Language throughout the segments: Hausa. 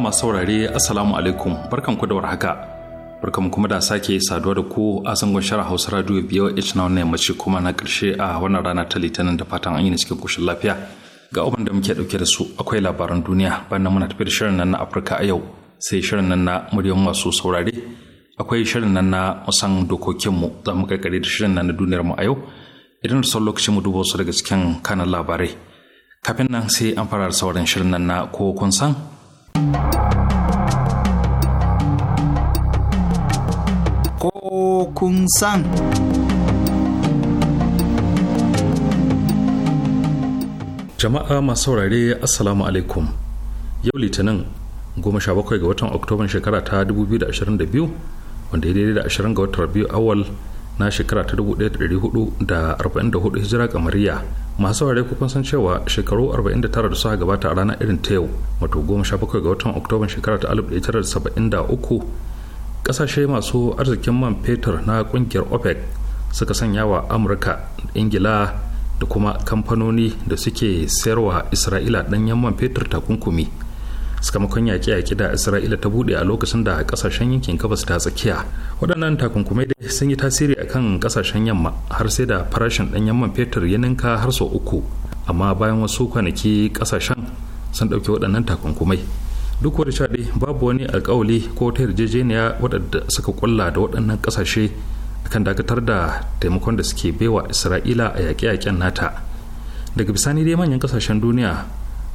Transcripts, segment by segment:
masu saurare assalamu alaikum barkan ku da warhaka barkan kuma da sake saduwa da ku a sangon shara hausa radio biyo h na wannan yammaci kuma na karshe a wannan rana ta litinin da fatan an yi cikin koshin lafiya ga abin da muke dauke da su akwai labaran duniya bayan muna tafi da shirin nan na afirka a yau sai shirin nan na muryan masu saurare akwai shirin nan na musan dokokinmu za mu karkare da shirin nan na duniyar mu a yau idan da son lokacin mu duba su daga cikin kanan labarai kafin nan sai an fara sauran shirin nan na ko kun san Ko kun san. Jama'a masu saurare Assalamu alaikum. Yau Litinin goma sha bakwai ga watan Oktoban shekara ta 2022 wanda ya daidai da 20 ga watan biyu awal na shekara ta 1444 hijira kamariya masu ware kukun san cewa shekaru 49 da suka gabata a ranar irin ta yau wato 17 ga watan oktoban shekara ta 1973 kasashe masu arzikin man fetur na kungiyar opec suka sanya wa amurka ingila da kuma kamfanoni da suke sayarwa isra'ila ɗanyen man fetur takunkumi sakamakon yaƙe-yaƙe da isra'ila ta buɗe a lokacin da ƙasashen yankin gabas ta tsakiya waɗannan takunkumai dai sun yi tasiri a kan ƙasashen yamma har sai da farashin ɗanyen man fetur ya ninka har sau uku amma bayan wasu kwanaki ƙasashen sun ɗauki waɗannan takunkumai duk wani shaɗe babu wani alƙawali ko ta yarjejeniya waɗanda suka kulla da waɗannan ƙasashe kan dakatar da taimakon da suke baiwa isra'ila a yaƙe-yaƙen nata daga bisani dai manyan ƙasashen duniya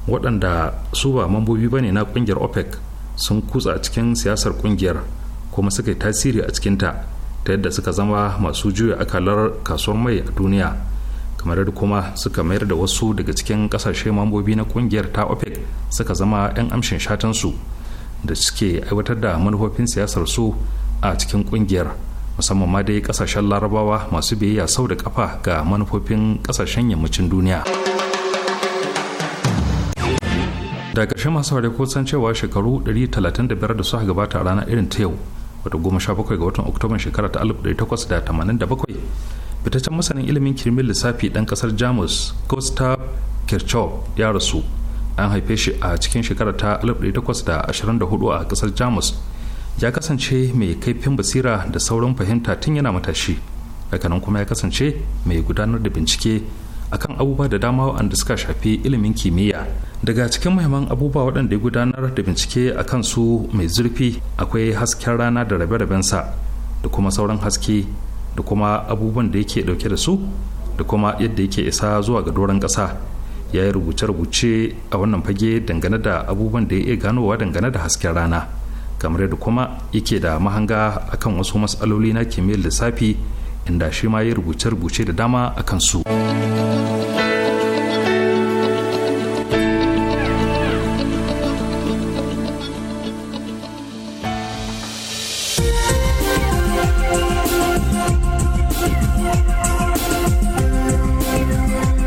waɗanda su ba mambobi ba ne na ƙungiyar opec sun kutsa a cikin siyasar ƙungiyar kuma suka yi tasiri a cikinta ta yadda suka zama masu juya akalar kasuwar mai a duniya kamar da kuma suka mayar da wasu daga cikin ƙasashe mambobi na ƙungiyar ta opec suka zama 'yan amshin shatansu da suke aiwatar da manufofin siyasar su a cikin ƙungiyar musamman ma dai ƙasashen larabawa masu biyayya sau da kafa ga manufofin ƙasashen yammacin duniya. da ƙarshe masu saurari ko san cewa shekaru 135 da suka gabata a rana irin ta yau wata goma sha bakwai ga watan oktoban shekara ta 1887 fitaccen masanin ilimin kirmin lissafi ɗan ƙasar jamus gustav kirchhoff ya rasu an haife shi a cikin shekara ta 1824 a ƙasar jamus ya kasance mai kaifin basira da sauran fahimta tun yana matashi hakanan kuma ya kasance mai gudanar da bincike akan abubuwa da dama waɗanda suka shafi ilimin kimiyya daga cikin muhimman abubuwa waɗanda ya gudanar da bincike a su mai zurfi akwai hasken rana da rabe-rabensa da kuma sauran haske da kuma abubuwan da yake ɗauke da su da kuma yadda yake isa zuwa ga doron ƙasa ya yi rubuce-rubuce a wannan fage dangane da abubuwan da ya iya ganowa dangane da hasken rana kamar yadda kuma yake da mahanga akan wasu matsaloli na kimiyyar lissafi inda shi ma ya rubuce-rubuce da dama akan su.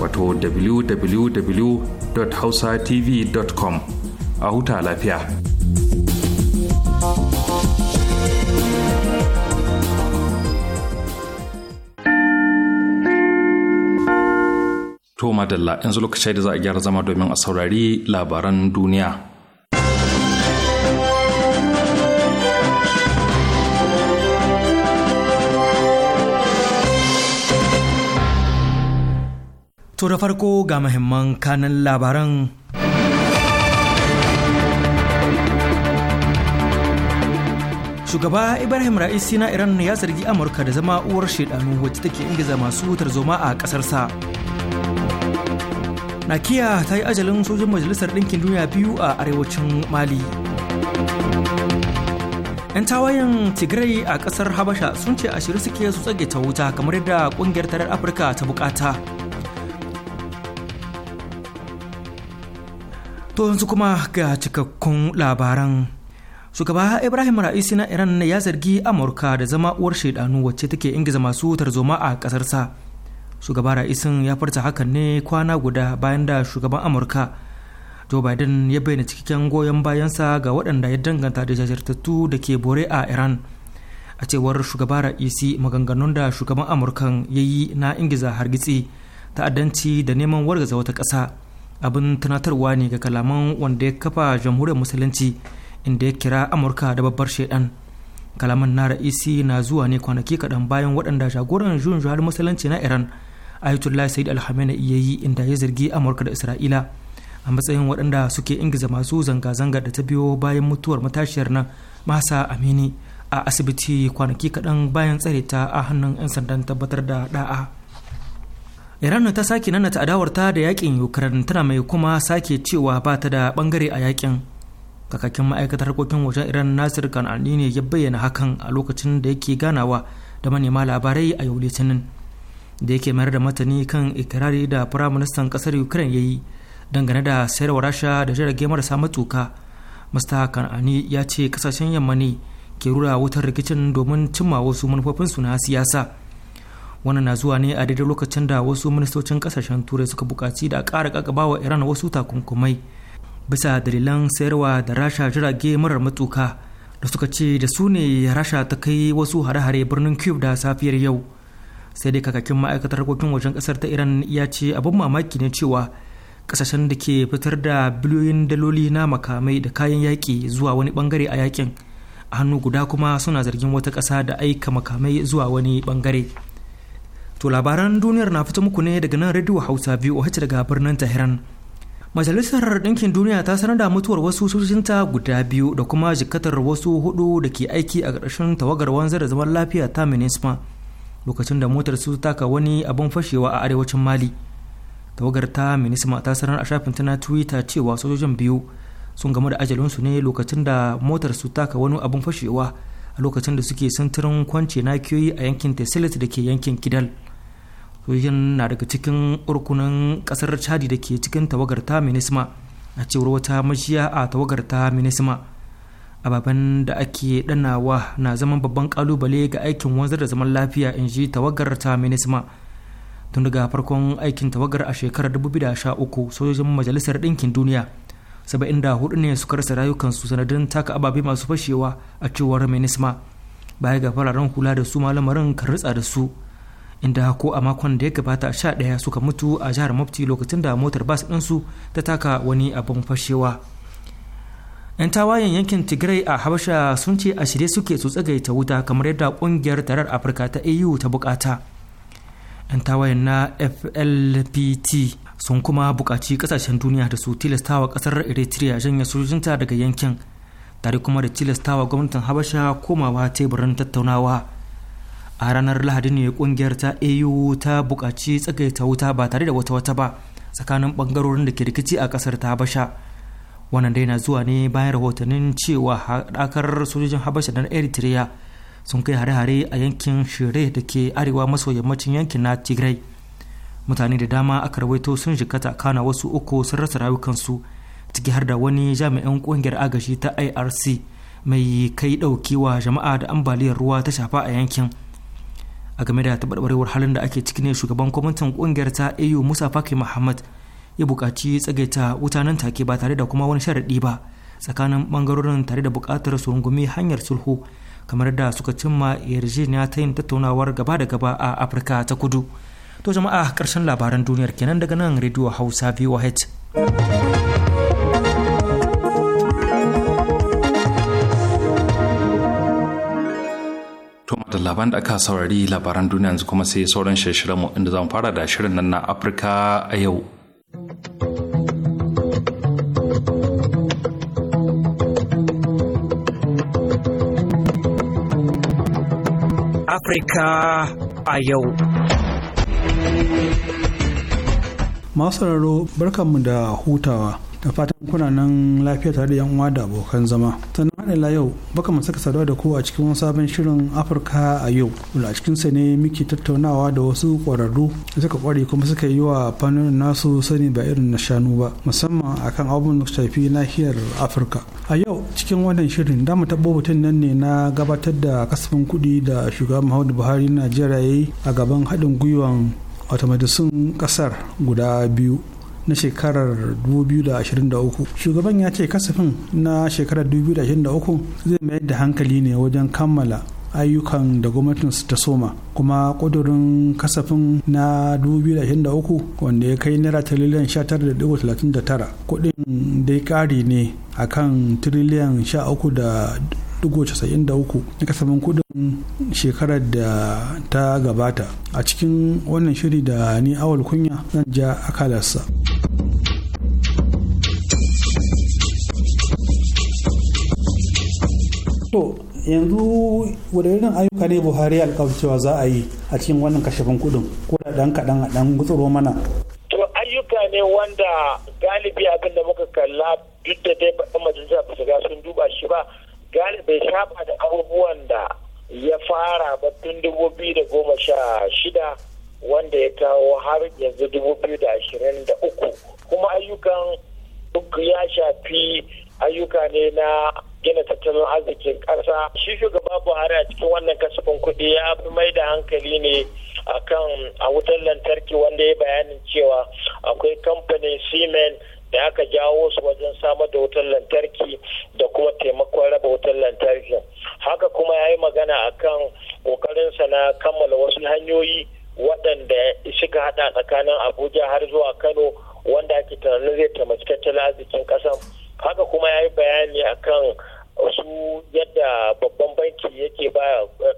wato www.hausatv.com a huta lafiya. To madalla yanzu lokaci da za a gyara zama domin a saurari labaran duniya. To da farko ga mahimman kanan labaran Shugaba Ibrahim Ra'isi na Iran ya zargi Amurka da zama uwar shaidanu wacce take ingiza masu tarzoma a ƙasarsa. Nakiya ta yi ajalin sojin Majalisar Ɗinkin Duniya biyu a arewacin Mali. 'Yan tawayen Tigray a ƙasar Habasha sun ce ashirin suke su tsage ta wuta kamar yadda ƙungiyar tarar Afirka ta bukata. To yanzu kuma ga cikakkun labaran. Shugaba Ibrahim Ra'isi na Iran ya zargi Amurka da zama uwar shaidanu wacce take ingiza masu tarzoma a ƙasarsa. Shugaba Ra'isin ya farta hakan ne kwana guda bayan da shugaban Amurka Joe Biden ya bayyana cikakken goyon bayansa ga waɗanda ya danganta da jajirtattu da ke bore a Iran. A cewar shugaba Ra'isi maganganun da shugaban Amurkan ya yi na ingiza hargitsi ta'addanci da neman wargaza wata ƙasa. abin tunatarwa ne ga kalaman wanda ya kafa jamhuriyar musulunci inda ya kira amurka da babbar shaidan kalaman na ra'isi na zuwa ne kwanaki kaɗan bayan waɗanda jagoran jun juhar musulunci na iran ayatollah said alhamina iya yi inda ya zargi amurka da isra'ila a matsayin waɗanda suke ingiza masu zanga-zanga da ta biyo bayan mutuwar matashiyar nan masa amini a asibiti kwanaki kaɗan bayan tsare ta a hannun 'yan sandan tabbatar da da'a. iran ta sake nanata adawarta da yakin ukraine tana mai kuma sake cewa ba ta da bangare a yakin kakakin ma'aikatar harkokin wajen iran nasir kanani ne ya bayyana hakan a lokacin da yake ganawa da manema labarai a yau litinin da yake mayar da matani kan ikirari da firaministan kasar ukraine ya yi dangane da sayarwa rasha da jirage marasa matuka mista kanani ya ce kasashen yamma ne ke rura wutar rikicin domin cimma wasu manufofinsu na siyasa wannan na zuwa ne a daidai lokacin da wasu ministocin kasashen turai suka bukaci da ƙara kakaba wa iran wasu takunkumai bisa dalilan sayarwa da rasha jirage marar matuka da suka ce da su ne rasha ta kai wasu hare-hare birnin cube da safiyar yau sai dai kakakin ma'aikatar harkokin wajen kasar ta iran ya ce abin mamaki ne cewa kasashen da ke fitar da biliyoyin daloli na makamai da kayan yaƙi zuwa wani bangare a yakin a hannu guda kuma suna zargin wata kasa da aika makamai zuwa wani bangare To labaran duniyar na fito muku ne daga nan Radio Hausa biyu VOH daga birnin Tehran. Majalisar Ɗinkin Duniya ta sanar da mutuwar wasu sojojinta guda biyu da kuma jikatar wasu hudu da ke aiki a ƙarshen tawagar wanzar da zaman lafiya ta Minisma lokacin da motar su taka wani abin fashewa a arewacin Mali. Tawagar ta Minisma ta sanar a shafin ta na Twitter cewa sojojin biyu sun game da ajalinsu ne lokacin da motar su taka wani abin fashewa a lokacin da suke sintirin kwance nakiyoyi a yankin Tesilit da ke yankin Kidal. yan na daga cikin rukunin kasar chadi da ke cikin tawagar ta minisma a cewar wata mashiya a tawagar ta minisma ababen da ake danawa na zaman babban kalubale ga aikin wanzar da zaman lafiya in ji tawagar ta minisma tun daga farkon aikin tawagar a shekarar 2013 sojojin majalisar ɗinkin duniya 74 ne suka rasa rayukansu sanadin taka ababe masu fashewa a cewar minisma baya ga fararen hula da su malamarin kan ritsa da su inda ko a makon da ya gabata sha ɗaya suka mutu a jihar mafti lokacin da motar bas ɗinsu ta taka wani abin fashewa 'yan tawayen yankin tigray a habasha sun ce a shirye suke su tsagaita wuta kamar yadda kungiyar tarar afirka ta au ta bukata 'yan tawayen na flpt sun kuma bukaci kasashen duniya da su tilastawa kasar eritrea janye sojojinta daga yankin tare kuma da tilastawa gwamnatin habasha komawa teburin tattaunawa a ranar lahadi ne kungiyar ta au ta buƙaci tsagaita wuta ba tare da wata wata ba tsakanin bangarorin da ke rikici a ƙasar ta habasha wannan dai na zuwa ne bayan rahotannin cewa haɗakar sojojin habasha na eritrea sun kai hare-hare a yankin shire da ke arewa maso yammacin yankin na tigray mutane da dama aka rawaito sun shiga kana wasu uku sun rasa rayukansu ciki har da wani jami'in kungiyar agashi ta irc mai kai ɗauki wa jama'a da ambaliyar ruwa ta shafa a yankin a game da taɓarɓarewar halin da ake ciki ne shugaban kwamitin ƙungiyar ta au musa faki muhammad ya buƙaci tsagaita wuta nan take ba tare da kuma wani sharaɗi ba tsakanin ɓangarorin tare da buƙatar su rungumi hanyar sulhu kamar da suka cimma yarjejeniya ta yin tattaunawar gaba da gaba a afirka ta kudu to jama'a ƙarshen labaran duniyar kenan daga nan rediyo hausa voh To da laban da aka saurari labaran duniya yanzu kuma sai sauran shirye mu inda zamu fara da shirin nan na Afirka a yau. Afirka a yau. Masu raro barkanmu da hutawa. da fatan kuna nan lafiya tare da yan uwa da abokan zama sannan haɗin la yau baka mu saka saduwa da ku a cikin wani sabon shirin afirka a yau wanda a cikinsa ne muke tattaunawa da wasu kwararru da suka kware kuma suka yi wa fannin nasu sani ba irin na shanu ba musamman akan abubuwan da shafi nahiyar afirka a yau cikin wannan shirin da mu tabbo batun nan ne na gabatar da kasafin kuɗi da shugaban muhammadu buhari najeriya a gaban haɗin gwiwan wata majalisun ƙasar guda biyu na shekarar 2023 shugaban ya ce kasafin na shekarar 2023 zai mayar da hankali ne wajen kammala ayyukan da su ta soma kuma kudurin kasafin na 2023 wanda ya kai naira tiriliyan 19.39 kudin dai kari ne a kan tiriliyan 13.93 na kasafin kudin shekarar da ta gabata a cikin wannan shiri da ni awal kunya zan ja akalarsa. to yanzu wadannan ayyuka ne buhari alƙawar cewa za a yi a cikin wannan kashefin kudin ko da dan kaɗan a dan gutsuro mana to ayyuka ne wanda galibi abin da muka kalla duk da dai baɗin majalisa ba su ga sun duba shi ba galibi shafa da abubuwan da ya fara ba tun dubu biyu da goma sha shida wanda ya kawo har yanzu dubu biyu da ashirin da uku kuma ayyukan duk ya shafi ayyuka ne na gina tattalin arzikin ƙasa shi shugaba buhari a cikin wannan kasafin kuɗi ya fi mai da hankali ne akan a wutar lantarki wanda ya bayanin cewa akwai kamfanin siemens da aka jawo su wajen samar da wutar lantarki da kuma taimakon raba wutar lantarki haka kuma ya yi magana akan kokarinsa na kammala wasu hanyoyi waɗanda suka haɗa tsakanin abuja har zuwa kano wanda ake tunanin zai taimaki tattalin arzikin ƙasar haka kuma ya yi bayani akan su yadda babban banki yake ba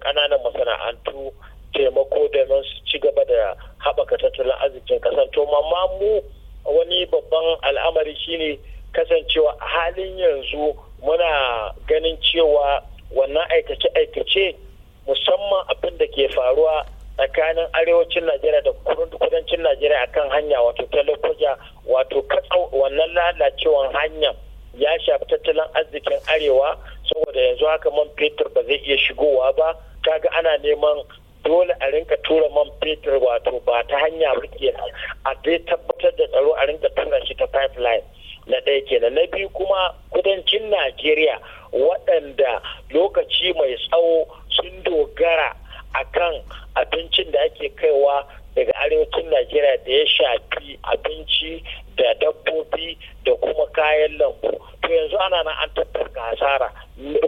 kananan masana'antu taimako domin su ci gaba da haɓaka tattalin arzikin kasar to amma mu wani babban al'amari shine kasancewa a halin yanzu muna ganin cewa wannan aikace-aikace musamman abin da ke faruwa tsakanin arewacin najeriya da kudancin najeriya akan hanya wato talakoja wato katsa wannan lalacewan hanyar ya shafi tattalin arzikin arewa saboda yanzu haka man fetur ba zai iya shigowa ba kaga ana neman dole a rinka tura man fetur wato ba ta hanya rike kenan a dai tabbatar da tsaro a rinka tura shi ta pipeline na ɗaya kenan na biyu kuma kudancin najeriya waɗanda lokaci mai tsawo sun dogara a kan abincin da ake kaiwa daga arewacin najeriya da ya shafi abinci da dabbobi da kuma kayan lambu to yanzu ana nan an tattaka hasara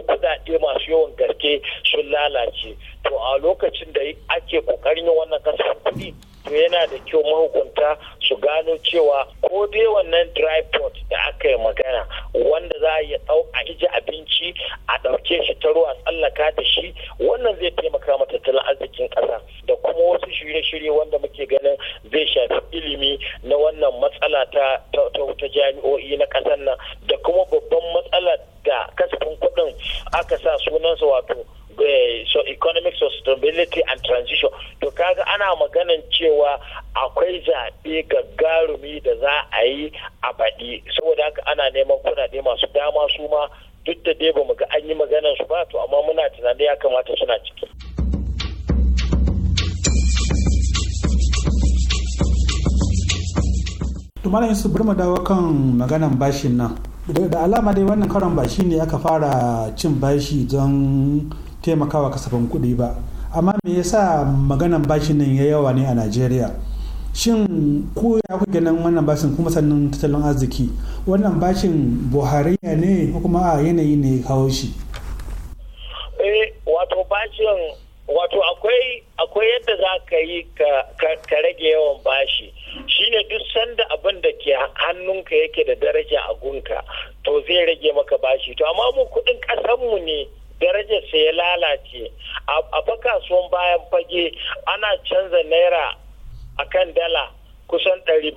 kudade masu yawan gaske sun lalace to a lokacin da ake kokarin wannan kasar kuɗi to yana da kyau mahukunta su gano cewa ko dai wannan dry pot da aka yi magana wanda za a iya a ije abinci a ɗauke shi ta ruwa tsallaka da shi wannan zai taimaka ma tattalin arzikin ƙasa da kuma wasu shirye-shirye wanda muke ganin zai shafi ilimi na wannan matsala ta ta jami'o'i na ƙasar nan da kuma babban matsala da kasafin kuɗin aka sa sunansa wato Eh, so economic sustainability and transition to kaga ana maganan cewa akwai zaɓe gagarumi da za a yi a baɗi saboda haka ana neman kuɗaɗe masu dama su ma duk da dai bamu ga an yi maganar su ba to amma muna tunanin ya kamata suna ciki tumanin su bari mu dawo kan maganan bashin nan da alama dai wannan karon bashi ne aka fara cin bashi don taimakawa kasafin kuɗi ba amma me yasa maganan bashin nan ya yawa ne a najeriya shin ku ya ku ganin wannan bashin kuma sannan tattalin arziki wannan bashin buhariya ne kuma a yanayi ne kawo shi eh, wato akwai akwai yadda za ka yi ka rage yawan bashi shine duk sanda abin da ke hannunka yake da daraja a gunka to zai rage maka bashi to amma mu kudin kasanmu ne darajar sa ya lalace a baka sun bayan fage ana canza naira akan dala kusan 740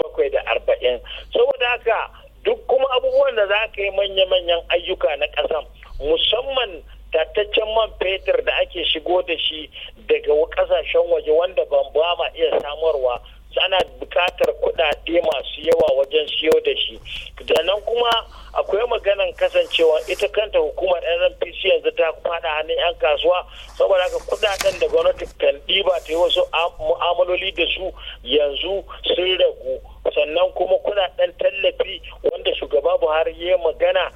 saboda haka duk kuma abubuwan da za ka yi manya-manyan ayyuka na ƙasan musamman tattaccen man fetur da ake shigo da shi daga kasashen waje wanda ban ba ma iya samarwa ana bukatar kudade masu yawa wajen siyo da shi da nan kuma akwai maganan kasancewa ita kanta hukumar nnpc yanzu ta fada hannun yan kasuwa saboda haka kudaden da gwamnati kan diba ta yi wasu mu'amaloli da su yanzu sun ragu sannan kuma kudaden tallafi wanda shugaba buhari ya magana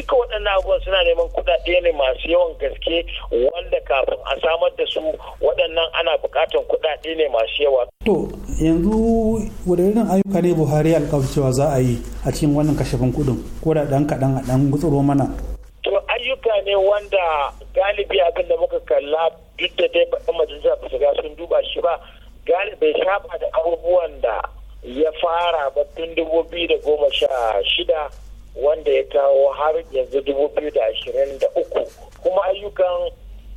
duka waɗannan abubuwan suna neman kuɗaɗe ne masu yawan gaske wanda kafin a samar da su waɗannan ana buƙatar kuɗaɗe ne masu yawa. to yanzu wadannan ayyuka ne buhari alƙawarcewa za a yi a cikin wannan kashefin kuɗin ko da ɗan kaɗan a ɗan gutsuro mana. to ayyuka ne wanda galibi abin da muka kalla duk da dai baɗin majalisa ba su sun duba shi ba galibi saba da abubuwan da ya fara ba tun dubu biyu da goma sha shida wanda ya kawo har yanzu dubu biyu da ashirin da uku kuma ayyukan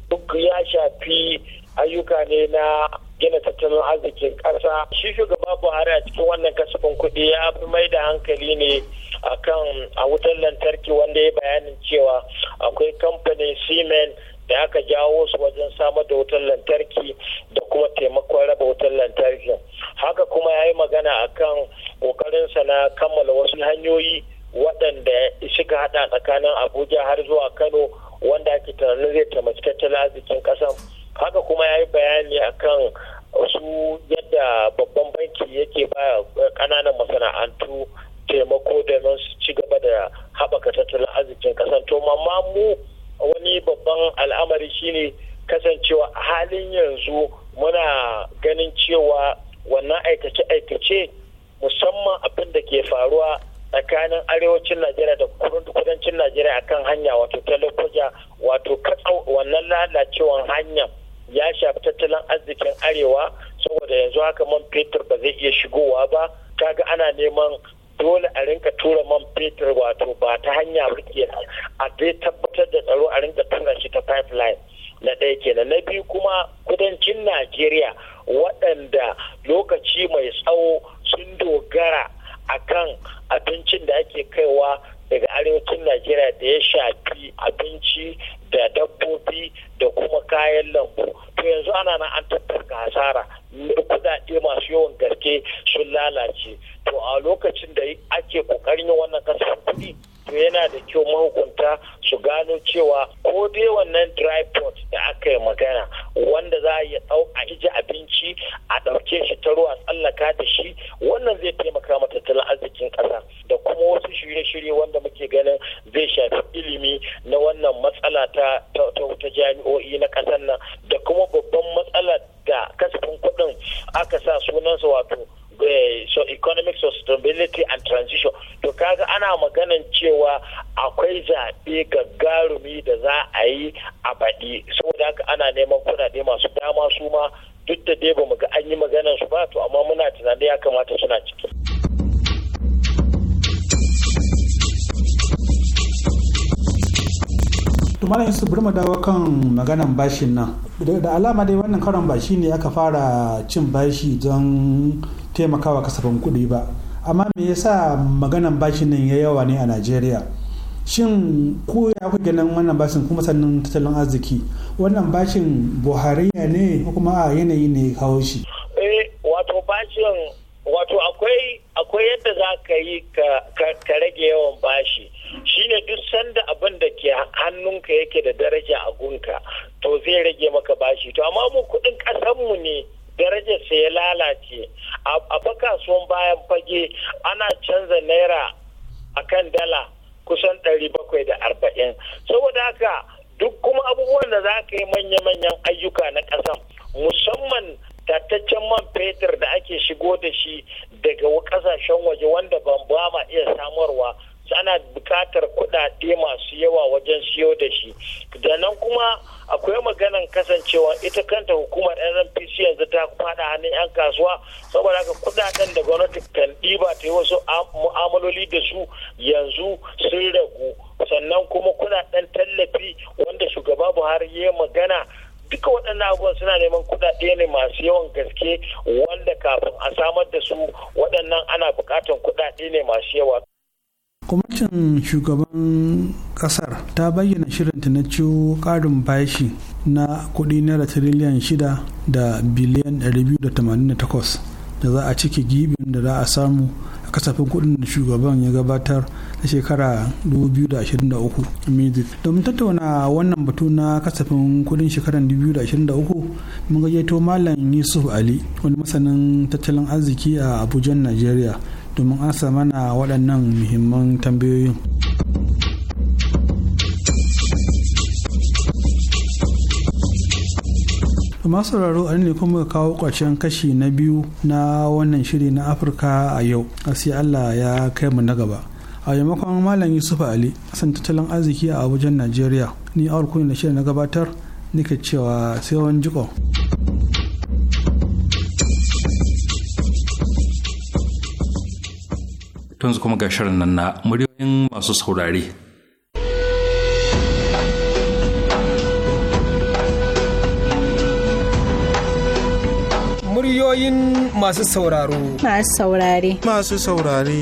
duk ya shafi ayyuka ne na gina tattalin arzikin ƙasa shi shugaba buhari a cikin wannan kasafin kuɗi ya fi mai da hankali ne akan a wutar lantarki wanda ya bayanin cewa akwai kamfanin simen da aka jawo su wajen samar da wutar lantarki da kuma taimakon raba wutar lantarki haka kuma ya yi magana akan kokarinsa na kammala wasu hanyoyi waɗanda shiga hada tsakanin abuja har zuwa kano wanda ake tunanin zai taimaki tattalin arzikin kasan haka kuma ya yi bayani akan su yadda babban banki yake ba kananan masana'antu taimako da nan su ci gaba da haɓaka tattalin arzikin kasan to amma mu wani babban al'amari shine kasancewa halin yanzu muna ganin cewa wannan aikace-aikace musamman abin da ke faruwa tsakanin arewacin najeriya da kudancin najeriya akan hanya wato talakoja wato katsau wannan lalacewan hanya ya shafi tattalin arzikin arewa saboda yanzu haka man fetur ba zai iya shigowa ba kaga ana neman dole a rinka tura man fetur wato ba ta hanya rike a dai tabbatar da tsaro a rinka tura shi ta pipeline na ɗaya kenan na biyu kuma kudancin najeriya waɗanda lokaci mai tsawo sun dogara akan abincin da ake kaiwa daga arewacin najeriya da ya shafi abinci da dabbobi da kuma kayan lambu to yanzu ana nan an tattaka hasara kudade masu yawan gaske sun lalace to a lokacin da ake kokarin yin wannan kasafin kudi. to yana da kyau mahukunta su gano cewa ko dai wannan dry pot da aka yi magana wanda za a ɗau a ije abinci a ɗauke shi ta ruwa tsallaka da shi wannan zai taimaka matattalin tattalin arzikin ƙasa da kuma wasu shirye-shirye wanda muke ganin zai shafi ilimi na wannan matsala ta ta jami'o'i na ƙasar nan da kuma babban matsala da kasafin kuɗin aka sa sunansa wato Eh, so economic sustainability and transition to kaga ana maganan cewa akwai zaɓe gagarumi da za a yi a baɗi saboda haka ana neman kuɗaɗe masu dama su ma duk da dai ba mu ga an yi maganan su ba to amma muna tunanin ya kamata suna ciki. tumara yusuf bari mu dawo kan maganan bashin nan da alama dai wannan karon bashi ne aka fara cin bashi don taimakawa kasafin kuɗi ba amma me yasa maganan bashin nan ya yawa ne a najeriya shin ku ya kuke nan wannan bashin kuma sannan tattalin arziki wannan bashin buhariya ne ko kuma a yanayi ne kawo shi eh, wato bashin wato akwai akwai yadda za ka yi ka rage yawan bashi shine duk sanda abin da ke hannunka yake da daraja a gunka to zai rage maka bashi to amma mu kudin kasanmu ne sa ya lalace a baka sun bayan fage ana canza naira a kan dala kusan 740 saboda haka duk kuma abubuwan da za ka yi manya-manyan ayyuka na ƙasan musamman tattaccen man fetur da ake shigo da shi daga ƙasashen waje wanda ban ba ma iya samarwa ana bukatar kuɗaɗe masu yawa wajen siyo da shi da nan kuma akwai maganan kasancewa ita kanta hukumar nnpc yanzu ta fada hannun 'yan kasuwa saboda haka kudaden da gwamnati kan diba ta yi wasu mu'amaloli da su yanzu sun ragu sannan kuma kudaden tallafi wanda shugaba buhari ya magana duka waɗannan abubuwan suna neman kuɗaɗe ne masu yawan gaske wanda kafin a samar da su waɗannan ana buƙatar kuɗaɗe ne masu yawa gwamnatin shugaban kasar ta bayyana shirinta na ciwo karin bashi na kudi naira tiriliyan 6 da biliyan 288 da za a cike gibin da za a samu a kasafin kudin da shugaban ya gabatar na shekara 2023 domin tattauna wannan batu na kasafin kudin shekarar 2023 mun gayyato malam yusuf ali wani masanin tattalin arziki a abuja nigeria domin ansa mana waɗannan muhimman tambayoyin. masu sauraro a ne kuma kawo ƙarshen kashi na biyu na wannan shiri na afirka a yau sai allah ya kai mu na gaba a yamakon malam yusuf ali san tattalin arziki a abujan najeriya ni awar kuyin da shirin na gabatar nake cewa sai wani jikon. yanzu kuma ga shirin nan na muryoyin masu saurare. Muryoyin masu sauraro. Masu saurare. Masu saurare.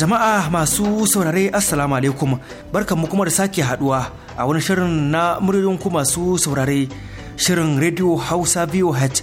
Jama'a masu saurare Assalamu alaikum barkanmu kuma da sake haduwa a wani shirin na muryoyin ku masu saurare shirin Radio Hausa VOH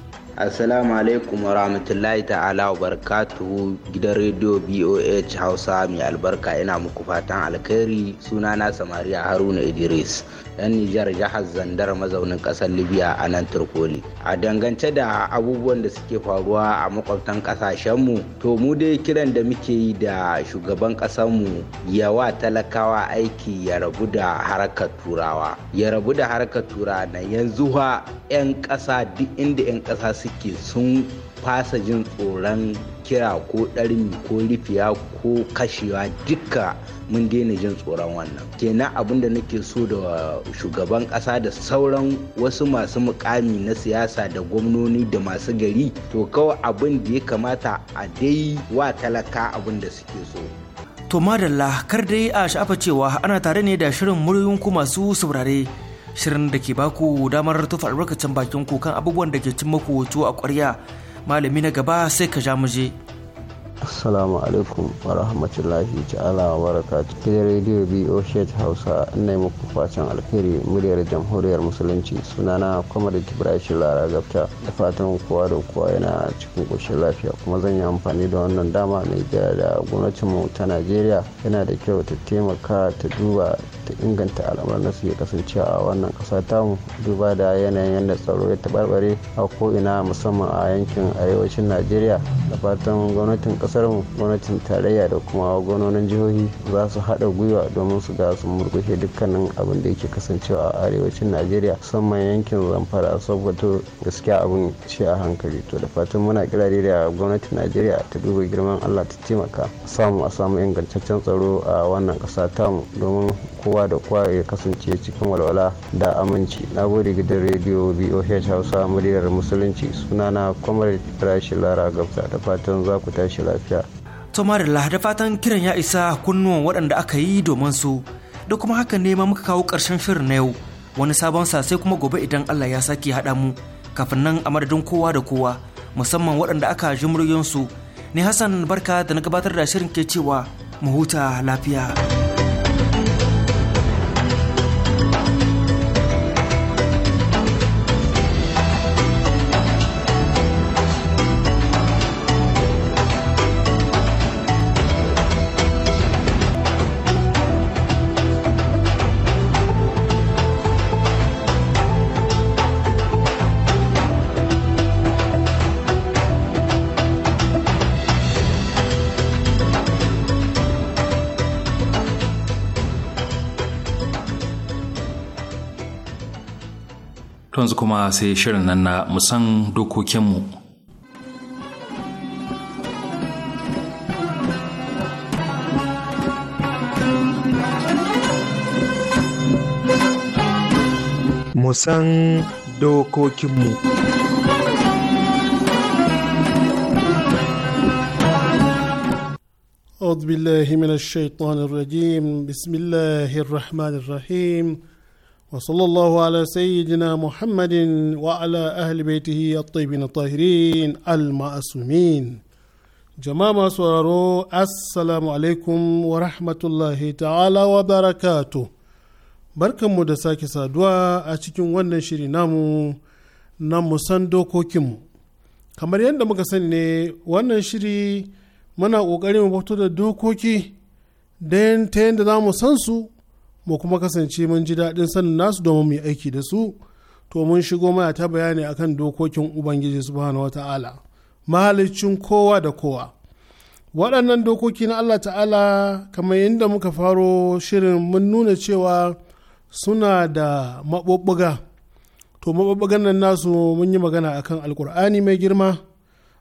Assalamu alaikum warahmatullahi ta'ala wa barakatuhu gidan rediyo BOH Hausa mai albarka ina muku fatan alkhairi sunana Samaria Haruna Idris dan Nijar jihar Zandar mazaunin kasar Libya a nan Turkoli. A dangance da abubuwan da suke faruwa a makwabtan mu, to mu dai kiran da muke yi da shugaban kasanmu yawa talakawa aiki ya rabu da harkar turawa ya rabu da harkar turawa na yanzu ha 'yan ƙasa duk inda 'yan ƙasa suke suke sun fasa jin tsoron kira ko ɗarmi ko rufiya ko kashewa duka mun daina jin tsoron wannan kenan abin da nake so da shugaban ƙasa da sauran wasu masu mukami na siyasa da gwamnoni da masu gari to kawai abin da ya kamata a dai wa talaka abin da suke so to madalla kar dai a sha'afa cewa ana tare ne da shirin muryoyin ku masu saurare shirin da ke baku damar tufa albarkacin bakin kukan abubuwan da ke cin maku tuwo a kwarya malami na gaba sai ka ja muje Assalamu alaikum wa rahmatullahi ta'ala wa barakatu. Kidan rediyo BO Shet Hausa ina muku fatan alheri muryar jamhuriyar musulunci sunana kuma da Kibrahim Lara Gafta da fatan kowa da kowa yana cikin koshin lafiya kuma zan yi amfani da wannan dama mai da mu ta Najeriya yana da kyau ta taimaka ta duba ta inganta al'amuran su ya kasance a wannan kasa tamu duba da yanayin yadda tsaro ya taɓarɓare a ina musamman a yankin arewacin Najeriya da fatan gwamnatin ƙasa kasar mu gwamnatin tarayya da kuma gwamnonin jihohi za su haɗa gwiwa domin su ga su murkushe dukkanin abin da yake kasancewa a arewacin najeriya musamman yankin zamfara saboda gaskiya abin shi a hankali to da fatan muna kirari da gwamnatin najeriya ta duba girman allah ta taimaka samu a samu ingantaccen tsaro a wannan ƙasa tamu domin kowa da kowa ya kasance cikin walwala da aminci na gode gidan rediyo boh hausa muryar musulunci sunana kwamar rashi lara gabta da fatan za ku tashi lafiya lafiya. To da fatan kiran ya isa kunnuwan waɗanda aka yi domin su da kuma haka ne ma muka kawo ƙarshen shirin na yau wani sabon sa sai kuma gobe idan Allah ya sake haɗa mu kafin nan a madadin kowa da kowa musamman waɗanda aka ji muryoyinsu ne Hassan barka da na gabatar da shirin ke cewa mu huta lafiya. To yanzu kuma sai shirin nan na musan dokokinmu. Musan dokokinmu. أعوذ بالله من الشيطان الرجيم بسم الله الرحمن الرحيم وصلى الله على سيدنا محمد وعلى أهل بيته الطيبين الطاهرين المعصومين جماعة سورارو السلام عليكم ورحمة الله تعالى وبركاته barkanmu da sake saduwa a cikin wannan shiri namu na musan dokokinmu kamar yadda muka sani ne wannan shiri muna ƙoƙarin mu fito da dokoki ta yadda za mu san su mu kuma kasance mun ji daɗin sanin nasu domin mu yi aiki da su to mun shigo mana ta bayani akan dokokin ubangiji subhanahu wata'ala mahalicin kowa da kowa waɗannan dokoki na allah ta'ala kamar yadda muka faro shirin mun nuna cewa suna da maɓuɓɓuga to maɓuɓɓugan nan nasu mun yi magana akan alkur'ani mai girma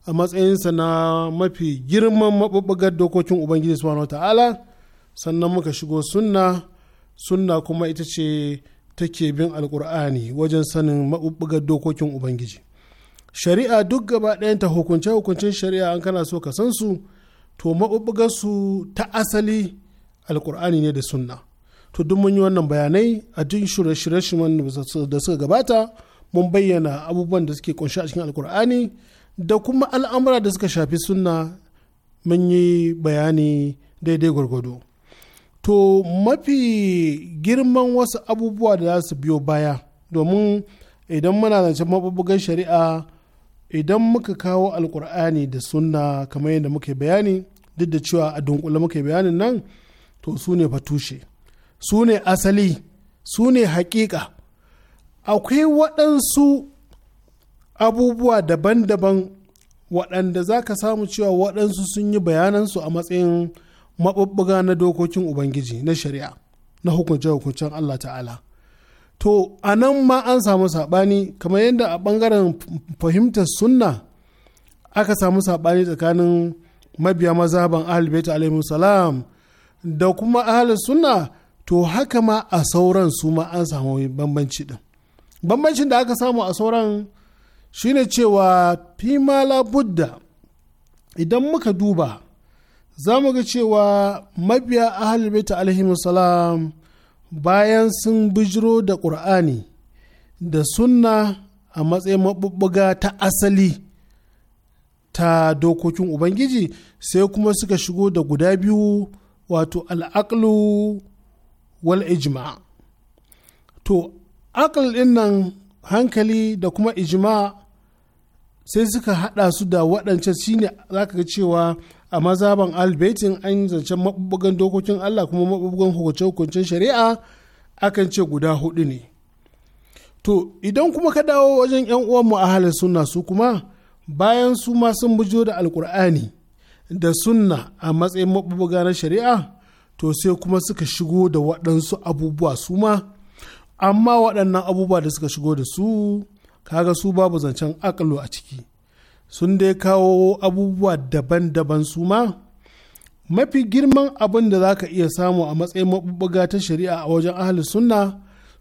a matsayinsa na mafi girman maɓuɓɓugar dokokin ubangiji subhanahu wata'ala sannan muka shigo sunna sunna kuma ita ce take bin alkur'ani wajen sanin maɓuɓɓugar dokokin ubangiji shari'a duk gaba ɗayanta hukunce hukuncen shari'a an kana so ka san su to su ta asali alkur'ani ne da sunna to duk mun yi wannan bayanai a duk shirye-shiryen da suka gabata mun bayyana abubuwan da suke kunshi a cikin alkur'ani da kuma al'amura da suka shafi sunna mun yi bayani daidai gwargwado to mafi girman wasu abubuwa da za su biyo baya domin idan muna zancen mabubugan shari'a idan muka kawo alkur'ani da sunna kamar yadda muke bayani duk da cewa a dunkule muke bayanin nan to su ne fatushe su ne asali su ne hakika akwai waɗansu abubuwa daban-daban waɗanda za ka samu cewa waɗansu sun yi bayanansu a matsayin maɓaɓɓuga na dokokin ubangiji na shari'a na hukunce hukuncen allah ta'ala to a nan ma an samu saɓani kamar yadda a ɓangaren fahimtar sunna aka samu saɓani tsakanin mabiya mazaban ahalbaita alaihi salam da kuma ahal sunna to haka ma a sauran su ma an samu bambanci din bambancin da aka samu a sauran shine cewa fimala budda idan muka duba za mu ga cewa mabiya ahalibaita alaihimu salam bayan sun bijiro da ƙur'ani da sunna a matsayin maɓuɓɓuga ta asali ta dokokin ubangiji sai kuma suka shigo da guda biyu wato al'aqlu wal ijma to aql ɗin nan hankali da kuma ijma sai suka haɗa su da waɗancan shine za ka ga cewa a mazaban albaitin an zancen maɓuɓɓugan dokokin Allah kuma maɓuɓɓugan hukunce-hukuncen shari'a akan ce guda hudu ne to idan kuma ka dawo wajen yan uwanmu a halin sunna su kuma bayan su ma sun bujo da alkur'ani da sunna a matsayin mabubuga na shari'a to sai kuma suka shigo da waɗansu abubuwa su ma amma waɗannan abubuwa da suka shigo da su kaga su babu zancen akalo a ciki sun dai kawo abubuwa daban-daban su ma mafi girman abin da za ka iya samu a matsayin mabubuga ta shari'a a wajen ahalin sunna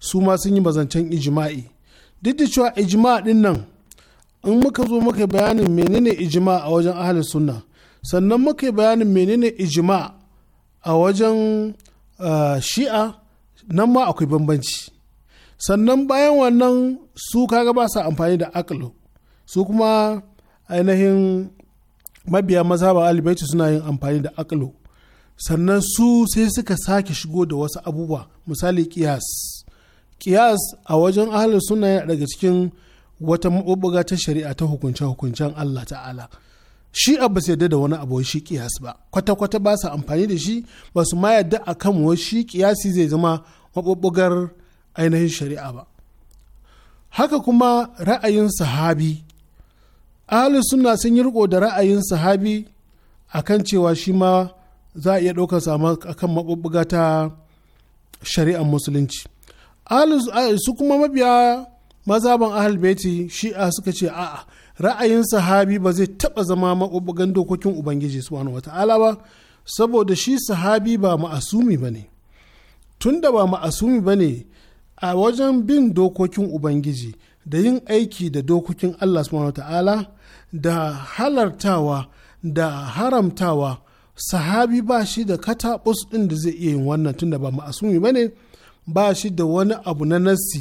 su ma sun yi mazancen ijima'i duk da cewa ijima'a din nan in muka zo muka bayanin menene ijima a wajen ahalin sunna sannan muka bayanin menene ijima a wajen shi'a nan ma akwai bambanci sannan bayan wannan su kaga ba su amfani da akalo su kuma ainihin mabiya maza mazhaban alibaitu suna yin amfani da aklo sannan su sai suka sake shigo da wasu abubuwa misali kiyas kiyas a wajen ahalar suna yin daga cikin wata maɓuɓɓuga ta shari'a ta hukunce-hukuncen Allah ta'ala shi abu sai da wani abu shi kiyas ba kwata-kwata ba su amfani da shi ba su ma yadda a kan shi kiyasi zai zama mabubugar ainihin shari'a ba haka kuma ra'ayin sahabi ahalin suna sun yi riko da ra'ayin sahabi a kan cewa shi ma za a iya ɗaukar a kan maɓuɓɓuga ta shari'ar musulunci su kuma mabiya mazaban ahal beti shi'a suka ce a'a ra'ayin sahabi ba zai taɓa zama maɓuɓɓugan dokokin ubangiji subhanahu wata'ala ba saboda shi sahabi ba ma'asumi ba ne tunda ba ma'asumi ba ne a wajen bin dokokin ubangiji da yin aiki da dokokin allah subhanahu wata'ala da halartawa da haramtawa sahabi ba shi da kataɓus ɗin da zai iya yin wannan tunda ba ma'asumi ba ne ba shi da wani abu na nasi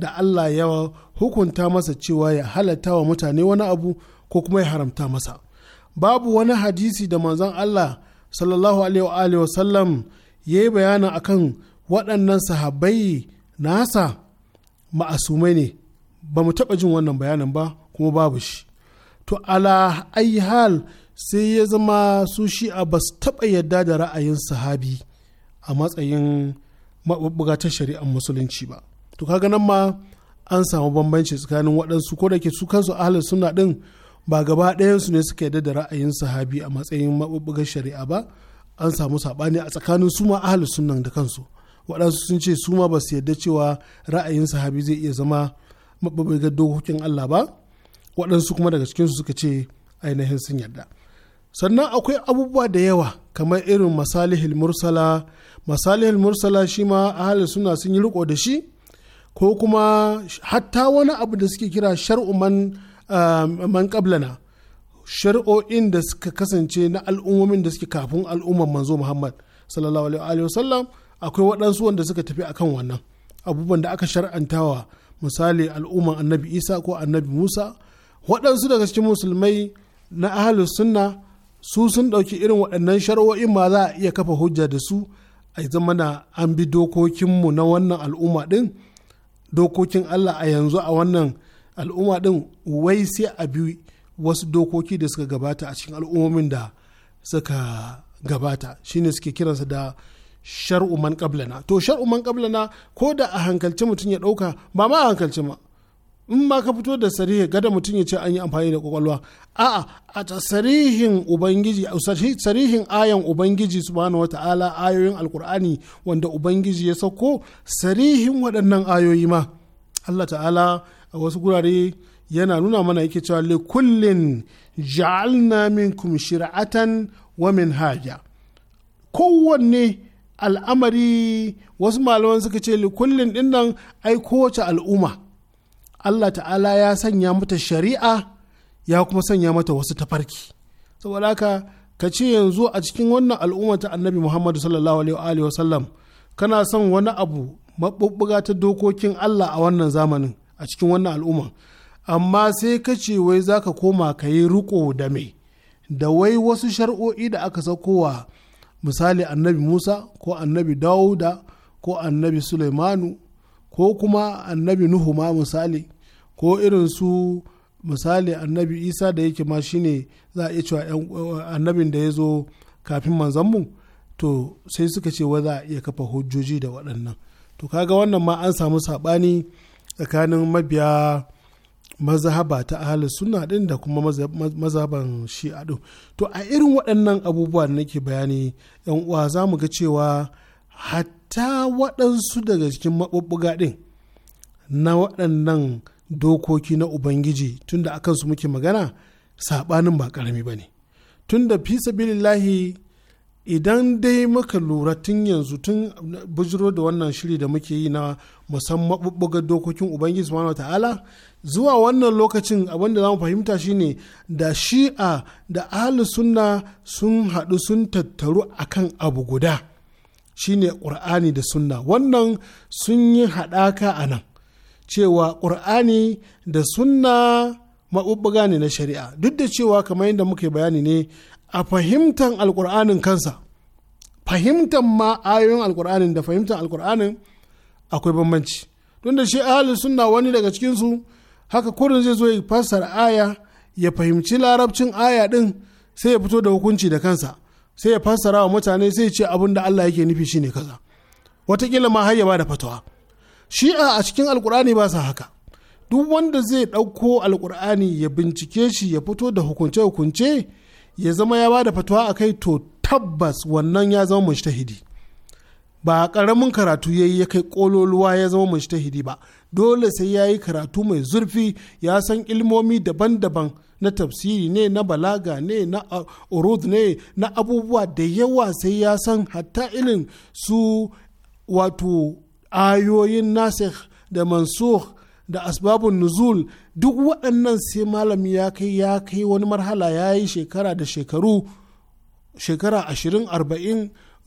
da Allah ya hukunta masa cewa ya halarta wa mutane wani abu ko kuma ya haramta masa babu wani hadisi da manzon Allah sallallahu alaihi sallam ya yi bayanin akan waɗannan sahabbai nasa ma'asumai ne ba mu taɓa jin wannan bayanin ba kuma babu shi to ala ayi hal sai ya zama su shi'a ba su taɓa yadda da ra'ayin sahabi a matsayin maɓuɓɓuga ta shari'ar musulunci ba to kaga nan ma an samu bambanci tsakanin waɗansu ko da ke su kansu ahalar suna ɗin ba gaba ɗayansu ne suka yadda da ra'ayin sahabi a matsayin maɓuɓɓugar shari'a ba an samu saɓani a tsakanin su ma ahalar sunan da kansu waɗansu sun ce su ma ba su yadda cewa ra'ayin sahabi zai iya zama maɓuɓɓugar dokokin Allah ba waɗansu kuma daga cikinsu suka ce ainihin sun yarda sannan akwai abubuwa da yawa kamar irin masalihil mursala masalihil mursala shi ma ahali suna sun yi riko da shi ko kuma hatta wani abu da suke kira shar'u man man qablana da suka kasance na al'ummomin da suke kafin al'umman manzo Muhammad sallallahu alaihi wa sallam akwai waɗansu wanda suka tafi akan wannan abubuwan da aka shar'antawa misali al'umman annabi Isa ko annabi Musa waɗansu daga cikin musulmai na ahalus sunna su sun ɗauki irin waɗannan shari'o'in ma za a iya kafa hujja da su a zama na an bi dokokinmu na wannan al'umma ɗin dokokin Allah a yanzu a wannan al'umma ɗin wai sai a bi wasu dokoki da suka gabata a cikin al'ummomin da suka gabata shine suke kiransa da shar'u man qablana to shar'u man qablana ko da a hankalci mutum ya ɗauka ba ma a hankalci ma in ma ka fito da sarihi gada mutum ya ce an yi amfani da kwakwalwa a'a a sarihin ubangiji sarihin ayan ubangiji subhanahu wata'ala ayoyin alkur'ani wanda ubangiji ya sauko sarihin waɗannan ayoyi ma Allah ta'ala a wasu gurare yana nuna mana yake cewa li kullin ja'alna minkum shir'atan wa haja kowanne al'amari wasu malaman suka ce li kullin dinnan ai kowace al'umma Allah ta'ala ya sanya mata shari'a ya kuma sanya mata wasu tafarki saboda haka ka ce yanzu a cikin wannan al'umma ta annabi muhammadu sallallahu alaihi wa sallam kana son wani abu maɓuɓɓuga ta dokokin Allah a wannan zamanin a cikin wannan al'umma amma sai ka ce wai za ka koma ka yi riko da mai, da wai wasu shar'o'i da aka saukowa misali annabi musa ko annabi Dauda ko annabi Sulaimanu. ko kuma annabi nuhu ma misali ko irin su misali annabi isa da yake ma shine za a iya cewa annabin da ya zo kafin manzanmu to sai suka ce wa za a iya kafa hujjoji da waɗannan to kaga wannan ma an samu saɓani tsakanin mabiya mazhaba ta ahalin suna ɗin da kuma mazhaban shi'a ɗin to a irin waɗannan abubuwa da nake bayani yan uwa za mu ga cewa hatta waɗansu daga cikin maɓuɓɓuga ɗin na waɗannan dokoki na ubangiji tunda akan su muke magana saɓanin ba ƙarami ba ne tunda fi sabilillahi idan dai muka lura tun yanzu tun bujiro da wannan shiri da muke yi na musamman maɓuɓɓugar dokokin ubangiji subhanahu ta'ala zuwa wannan lokacin abinda za mu fahimta shine da shi'a da ahli sunna sun haɗu sun tattaru akan abu guda shine ƙur'ani da sunna wannan sun yi haɗaka a nan cewa ƙur'ani da sunna maɓuɓɓuga ne na shari'a duk da cewa kamar yadda muka bayani ne a fahimtar alƙur'anin kansa fahimtar ma ayoyin alƙur'anin da fahimtar alƙur'anin akwai bambanci don da shi ahalin sunna wani daga cikinsu haka kurin zai zo ya fassara aya ya fahimci larabcin aya ɗin sai ya fito da hukunci da kansa sai ya fassara wa mutane sai ce abin da Allah yake nufi shine kaza watakila ma hayya ba da fatawa shi'a a cikin alkur'ani ba sa haka duk wanda zai ɗauko alkur'ani ya bincike shi ya fito da hukunce-hukunce ya zama ya ba da fatawa a kai to tabbas wannan ya zama mujtahidi ba ƙaramin karatu ya yi ya kai ƙololuwa ya zama mujtahidi ba dole sai ya yi karatu mai zurfi ya san ilmomi daban-daban na tafsiri ne na balaga ne na uh, urud ne na abubuwa da yawa sai ya san hatta ilin su wato ayoyin nasir da mansur da asbabun nuzul duk waɗannan sai malami ya kai ya kai wani marhala ya yi shekara da shekaru shekara ashirin arba'in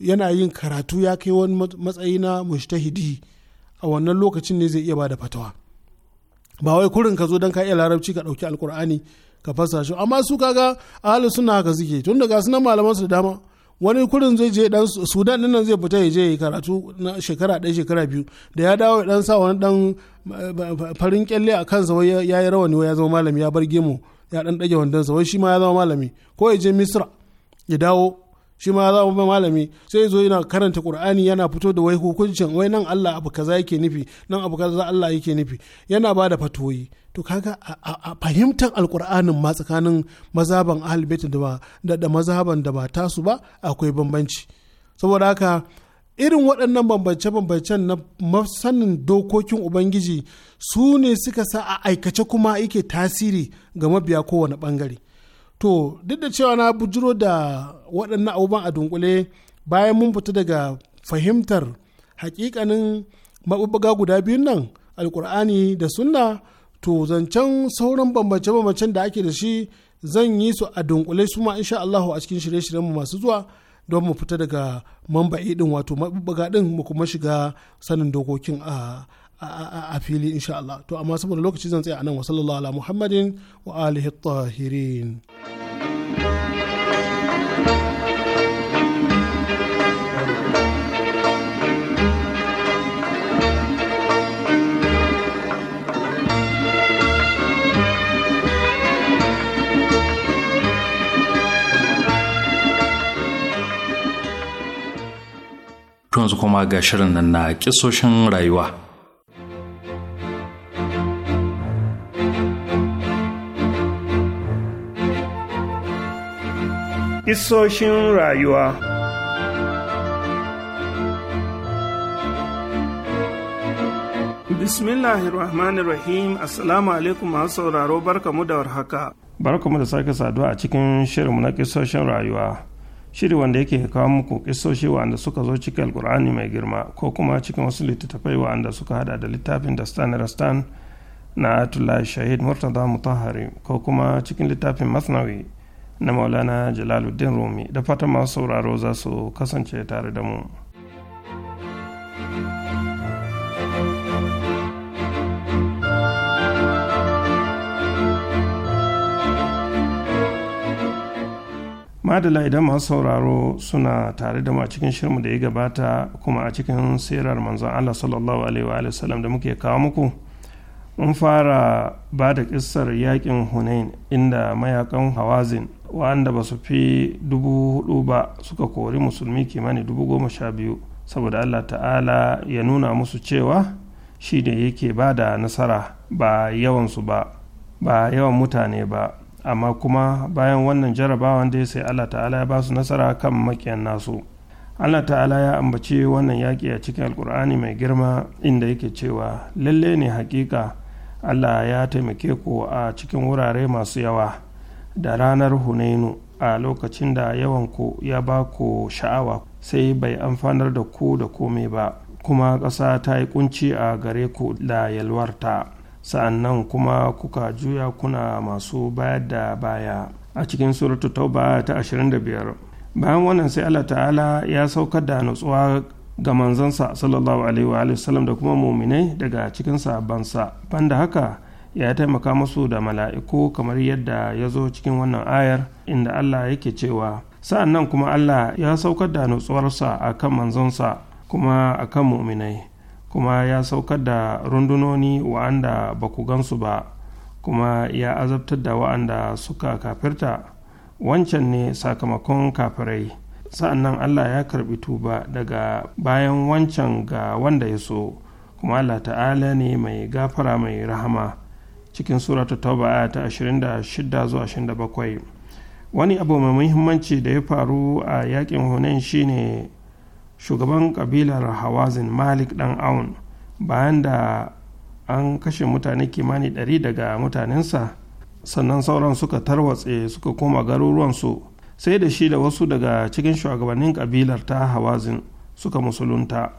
yana yin karatu ya kai wani matsayi na mushtahidi a wannan lokacin ne zai iya bada fatawa ba wai kurin ka zo don ka iya larabci ka ɗauki alkur'ani ka fasa shi amma su kaga ahlu suna haka suke tun daga sunan malaman su da dama wani kurin zai je dan sudan din nan zai fita ya je karatu na shekara ɗaya shekara biyu da ya dawo ya dan sa wani dan eh, farin kyalle a kansa wai ya yi rawani wai ya zama malami ya bar gemu ya dan dage wandansa wai shi ma ya zama malami ko ya je misra ya dawo shi ma za mu malami sai zo yana karanta qur'ani yana fito da wai hukuncin wai nan Allah abu kaza yake nufi nan abu kaza Allah yake nufi yana ba da fatoyi to kaga a fahimtar alkur'anin ma tsakanin mazaban ahlul bait da da mazaban da ba tasu ba akwai bambanci saboda haka irin waɗannan bambance-bambancen na masanin dokokin ubangiji su ne suka sa a aikace kuma yake tasiri ga mabiya kowane ɓangare. to duk da cewa na bujiro da waɗannan abubuwan a dunkule bayan mun fita daga fahimtar hakikanin maɓuɓɓuga guda biyun nan alkur'ani da sunna to zancen sauran bambance-bambancen da ake da shi zan yi su a dunkule su ma insha Allahu a cikin shirye mu masu zuwa don mu fita daga mamba'i din wato maɓuɓɓuga din mu kuma shiga sanin dokokin a a fili insha Allah to amma saboda lokaci zan tsaya anan wa sallallahu ala muhammadin wa alihi tahirin yanzu kuma ga shirin nan na kisoshin rayuwa. Isoshin rayuwa Bismillahirrahmanirrahim Assalamu alaikum masu sauraro barkamu da warhaka. Barkamu da sake saduwa a cikin shirinmu na kisoshin rayuwa. Shiri wanda yake kawo muku kisoshi wanda suka zo cikin alkur'ani mai girma ko kuma cikin wasu littattafai wanda suka hada da littafin da stan rastan na Atullah Shahid Murtaza Mutahari ko kuma cikin littafin Masnawi na maulana jalaluddin rumi da fatan masu sauraro za su kasance tare da mu madala idan masu sauraro suna tare da mu a cikin shirmu da ya gabata kuma a cikin sirar manzon allah sallallahu alaihi wa sallam da muke kawo muku mun fara ba da ƙisar yakin hunain inda mayakan hawazin wanda ba su fi dubu hudu ba suka kori musulmi kimanin dubu goma sha biyu saboda allah ta'ala ya nuna musu cewa shi ne yake ba da nasara ba yawansu ba ba yawan mutane ba amma kuma bayan wannan jarabawan da ya sai allah ta'ala ya ba su nasara kan makiyan nasu allah ta'ala ya ambaci wannan yaƙi a cikin alkur'ani mai girma inda yake cewa lalle ne hakika allah ya taimake ku a cikin wurare masu yawa da ranar hunainu a lokacin da yawan ku ya ba ku sha'awa sai bai amfanar da ku da komai ba kuma ƙasa ta yi kunci a gare ku da yalwarta sa'annan kuma kuka juya kuna masu bayar da baya a cikin suratu tauba ta 25 bayan wannan sai allah ta'ala ya saukar da nutsuwa ga manzansa sallallahu alaihi wa sallam da kuma muminai daga cikin sabansa banda haka ya taimaka musu da mala'iku kamar yadda ya zo cikin wannan ayar inda Allah yake cewa sa'an nan kuma Allah ya saukar da nutsuwarsa a kan manzansa kuma a kan muminai kuma ya saukar da rundunoni wa'anda ba ku gansu ba kuma ya azabtar da wa'anda suka kafirta wancan ne sakamakon kafirai sa'an nan Allah ya karbi tuba daga bayan wancan ga wanda ya so kuma Allah ta'ala ne mai gafara mai rahama cikin suratu tauba ta 26 zuwa 27 wani abu mai muhimmanci da ya faru a yakin hunain shine shugaban kabilar hawazin malik dan aun bayan da an kashe mutane kimanin 100 daga mutanensa sannan sauran suka tarwatse suka koma garuruwansu sai da shi da wasu daga cikin shugabannin kabilar ta hawazin suka musulunta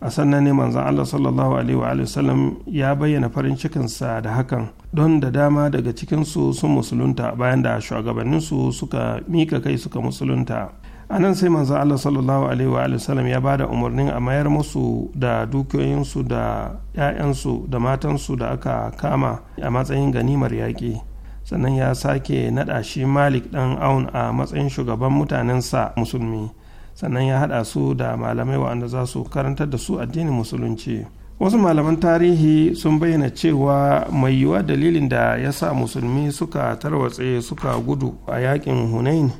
a sannan ne manzan Allah sallallahu alaihi wa sallam ya bayyana farin cikinsa da hakan don da dama daga cikinsu sun musulunta bayan da shugabanninsu suka mika kai suka musulunta a nan sai manzan Allah sallallahu alaihi wa sallam ya ba da umarnin a mayar musu da dukiyoyinsu da 'ya'yansu da matansu da aka kama a matsayin ganimar yaƙi sannan ya sake naɗa shi malik ɗan aun a matsayin shugaban mutanensa musulmi sannan ya haɗa su da malamai waɗanda za su karantar da su addinin musulunci wasu malaman tarihi sun bayyana cewa mai yiwuwa dalilin da ya sa musulmi suka tarwatse suka gudu a yakin hunain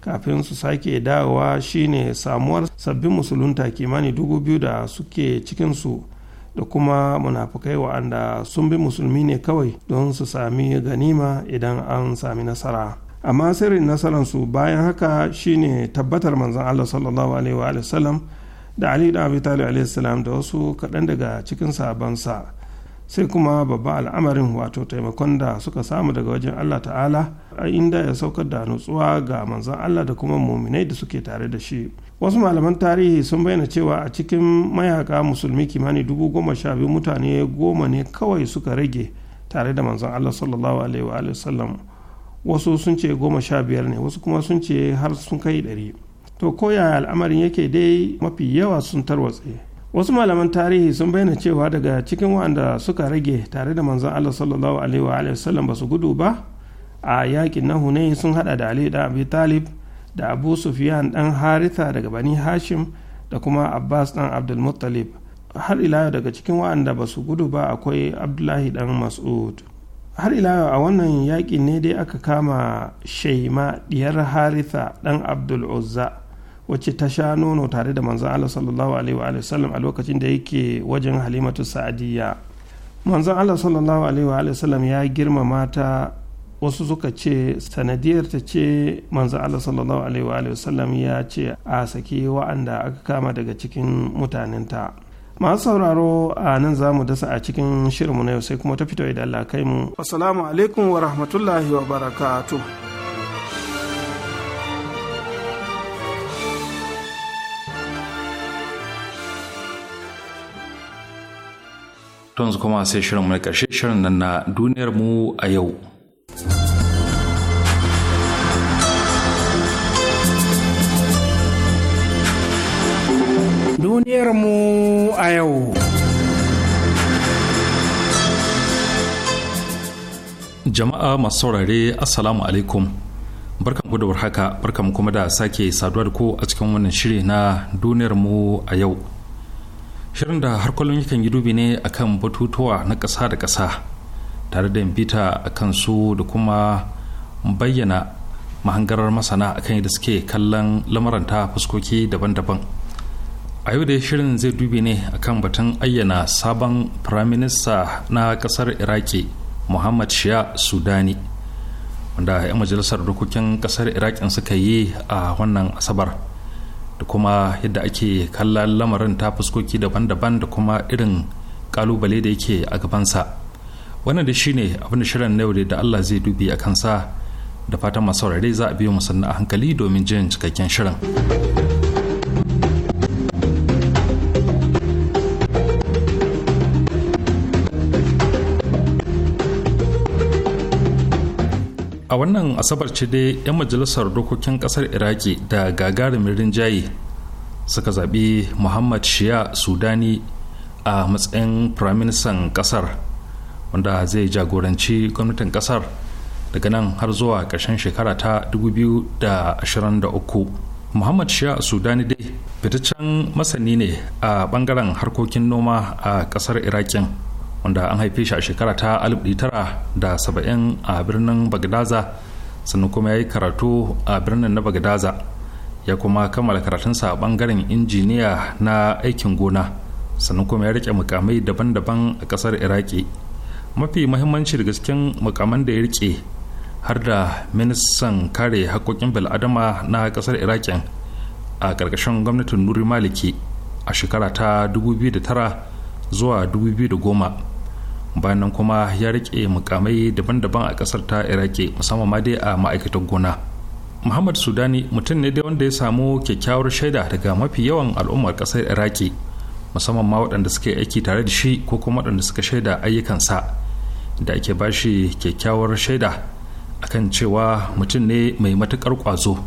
kafin su sake dawowa shine samuwar sabbin musulunta kimanin dubu biyu da suke cikinsu da kuma munafukai wa'anda sun bi musulmi ne kawai don su sami ganima idan an sami nasara amma sirrin nasararsu bayan haka shine tabbatar manzon Allah sallallahu alaihi wa sallam da Ali da Abi Talib alaihi salam da wasu kaɗan daga cikin sabansa sai kuma babba al'amarin wato taimakon da suka samu daga wajen Allah ta'ala a inda ya saukar da nutsuwa ga manzon Allah da kuma muminai da suke tare da shi wasu malaman tarihi sun bayyana cewa a cikin mayaka musulmi kimanin dubu goma sha biyu mutane goma ne kawai suka rage tare da manzon allah sallallahu alaihi wa sallam wasu sun ce goma sha biyar ne wasu kuma sun ce har sun kai ɗari to koya al'amarin yake dai mafi yawa sun tarwatse wasu malaman tarihi sun bayyana cewa daga cikin waɗanda suka rage tare da manzon allah sallallahu alaihi wa sallam ba su gudu ba a yakin na hunayi sun hada da ali da abi talib da abu sufiyan ɗan haritha daga bani hashim da kuma abbas ɗan abdulmuttalib har ila daga cikin waɗanda ba su gudu ba akwai abdullahi ɗan mas'ud har ila a wannan yaƙi ne dai aka kama shaima diyar haritha ɗan abdul uzza wacce ta sha nono tare da manzan allah sallallahu alaihi wa sallam a lokacin da yake wajen halimatu sa'adiyya manzan allah sallallahu alaihi wa sallam ya girmama ta wasu suka ce sanadiyar ta ce manzo Allah sallallahu alaihi wasallam ya ce a saki wa'anda aka kama daga cikin mutanenta masu sauraro a nan za mu dasa a cikin shirinmu na yau sai kuma ta fito idan Allah kai mu assalamu alaikum wa rahmatullahi wa barakatuh tunzu kuma sai shirin mai ƙarshe shirin nan na duniyar mu a yau. duniyar mu a yau. Jama'a masu saurare Assalamu alaikum. Barkanku da warhaka, barkanku kuma da sake saduwa da ku a cikin wannan shiri na duniyar mu a yau. Shirin da har yakan yi dubi ne akan batutuwa na ƙasa da ƙasa tare da bita a su da kuma bayyana mahangarar masana akan yadda suke kallon lamaranta fuskoki daban-daban. a yau da shirin zai dubi ne akan batun ayyana sabon firaminista na kasar iraki muhammad shia sudani wanda 'yan majalisar dokokin kasar irakin suka yi a wannan asabar da kuma yadda ake kallon lamarin ta fuskoki daban-daban da kuma irin kalubale da yake a gabansa wannan da shine abin da shirin na yau da allah zai dubi a kansa da fatan masu za a biyo musanna a hankali domin jin cikakken shirin. wannan asabar ce dai 'yan majalisar dokokin kasar iraki da gagarumin rinjaye suka zaɓi muhammad shia sudani a matsayin firaministan kasar wanda zai jagoranci gwamnatin kasar daga nan har zuwa ƙarshen shekara ta 2023 muhammad shia sudani dai fitaccen masani ne a bangaren harkokin noma a kasar irakin wanda an haife shi a shekara ta saba'in a birnin bagdaza sannan kuma ya yi karatu a birnin na bagdaza ya kuma kammala karatunsa a bangaren injiniya na aikin gona sannan kuma ya rike mukamai daban-daban a kasar iraki mafi mahimmanci da gasken mukaman da ya rike har da ministan kare haƙoƙin bil'adama na kasar iraki a ƙarƙashin gwamnatin nuri maliki a shekara ta 2009 zuwa 2010 bayan kuma ya rike mukamai daban-daban a kasar ta iraki musamman ma dai a ma'aikatan gona muhammad sudani mutum ne dai wanda ya samu kyakkyawar shaida daga mafi yawan al'ummar kasar iraki musamman ma waɗanda suka yi aiki tare da shi ko kuma waɗanda suka shaida ayyukansa da ake shi kyakkyawar shaida akan cewa mutum ne mai matukar ƙwazo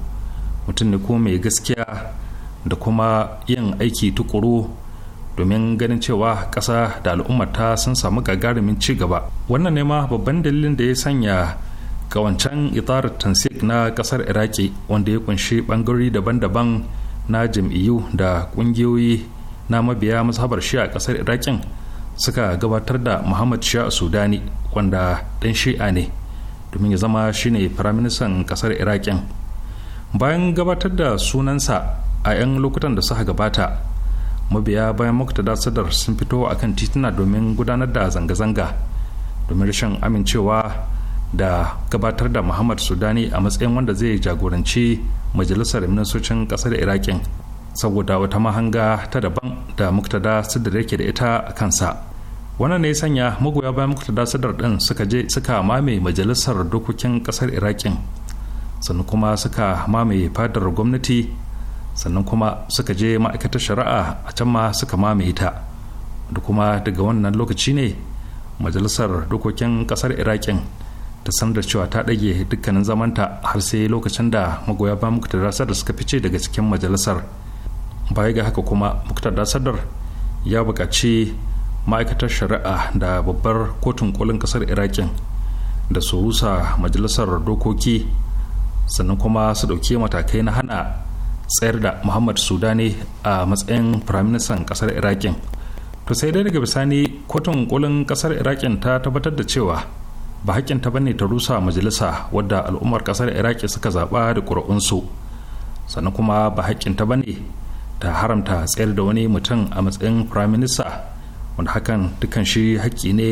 mutum ne ko mai gaskiya da kuma yin aiki tukuru domin ganin cewa ƙasa da al'ummata sun samu gagarumin ci gaba wannan ne ma babban dalilin da ya sanya kawancan itarar tansik na ƙasar iraki wanda ya kunshi ɓangarori daban-daban na jam'iyyu da ƙungiyoyi na mabiya mazhabar shi a ƙasar irakin suka gabatar da muhammad shi'a sudani wanda ɗan shi'a ne domin ya zama shine firaministan ƙasar irakin bayan gabatar da sunansa a 'yan lokutan da suka gabata mabiya bayan muktada sadar sun fito a kan tituna domin gudanar da zanga-zanga domin rashin amincewa da gabatar da muhammad sudani a matsayin wanda zai jagoranci majalisar ministocin kasar irakin saboda wata mahanga ta daban da muktada sadar yake da ita a kansa wannan ne sanya magoya bayan muktada sadar din suka je suka mame majalisar dokokin kasar irakin sannan kuma suka mamaye fadar gwamnati sannan kuma suka je ma'aikatar shari'a a can ma suka mamaye ta da kuma daga wannan lokaci ne majalisar dokokin kasar iraƙin ta sanar cewa ta ɗage dukkanin zamanta har sai lokacin da magoya ba muktar sadar suka fice daga cikin majalisar baya ga haka kuma muktar sadar ya buƙaci ma'aikatar shari'a da babbar kotun kolin kasar iraƙin da su rusa majalisar dokoki sannan kuma su ɗauki matakai na hana tsayar da muhammad sudani a matsayin firaministan kasar irakin to sai dai daga bisani kotun kolin kasar irakin ta tabbatar da cewa ba haƙƙin ta bane ta rusa majalisa wadda al'ummar kasar iraki suka zaɓa da ƙuri'unsu sannan kuma ba haƙƙin ta bane ta haramta tsayar da wani mutum a matsayin firaminista wanda hakan dukan shi haƙƙi ne